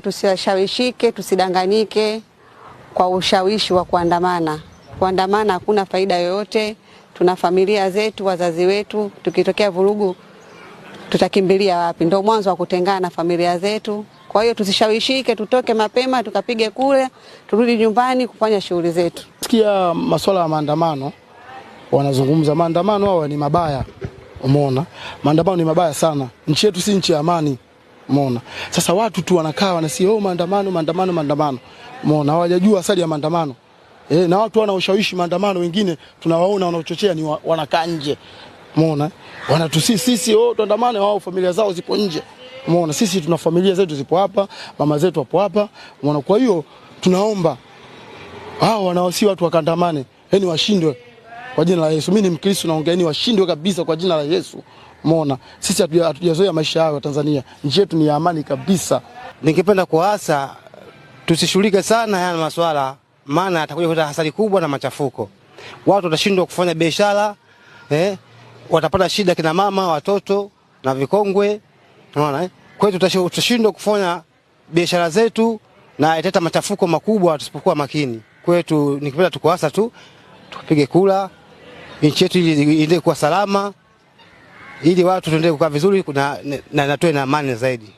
tusishawishike tusidanganyike kwa ushawishi wa kuandamana. Kuandamana hakuna faida yoyote. Tuna familia zetu, wazazi wetu, tukitokea vurugu tutakimbilia wapi? Ndio mwanzo wa kutengana na familia zetu. Kwa hiyo tusishawishike, tutoke mapema tukapige kule, turudi nyumbani kufanya shughuli zetu. Sikia masuala ya maandamano, wanazungumza maandamano hawa ni mabaya. Umeona, maandamano ni mabaya sana. Nchi yetu si nchi ya amani. Umeona? Sasa watu tu wanakaa wanasema oh, maandamano maandamano maandamano. Umeona? Hawajajua asali ya maandamano. Eh, na watu wanaoshawishi maandamano wengine tunawaona wanaochochea ni wa, wanakaa nje. Umeona? Wanatusi sisi oh, tuandamane wao familia zao zipo nje. Umeona? Sisi tuna familia zetu zipo hapa, mama zetu hapo hapa. Umeona? Kwa hiyo tunaomba hao wanaosi watu wakandamane, yani washindwe kwa jina la Yesu. Mimi ni Mkristo naongea ni yaani washindwe kabisa kwa jina la Yesu. Mona, sisi hatujazoea maisha hayo Tanzania. Nchi yetu ni ya amani kabisa. Ningependa kuasa tusishughulike sana haya maswala, maana atakuja kuleta hasara kubwa na machafuko. Watu watashindwa kufanya biashara eh, watapata shida, kina mama, watoto na vikongwe. Unaona eh? Kwa hiyo tutashindwa kufanya biashara zetu na italeta machafuko makubwa tusipokuwa makini. Kwa hiyo nikipenda tukuasa tu tupige kula nchi yetu iende kuwa salama ili watu tuendelee kukaa vizuri na, na, na na amani zaidi.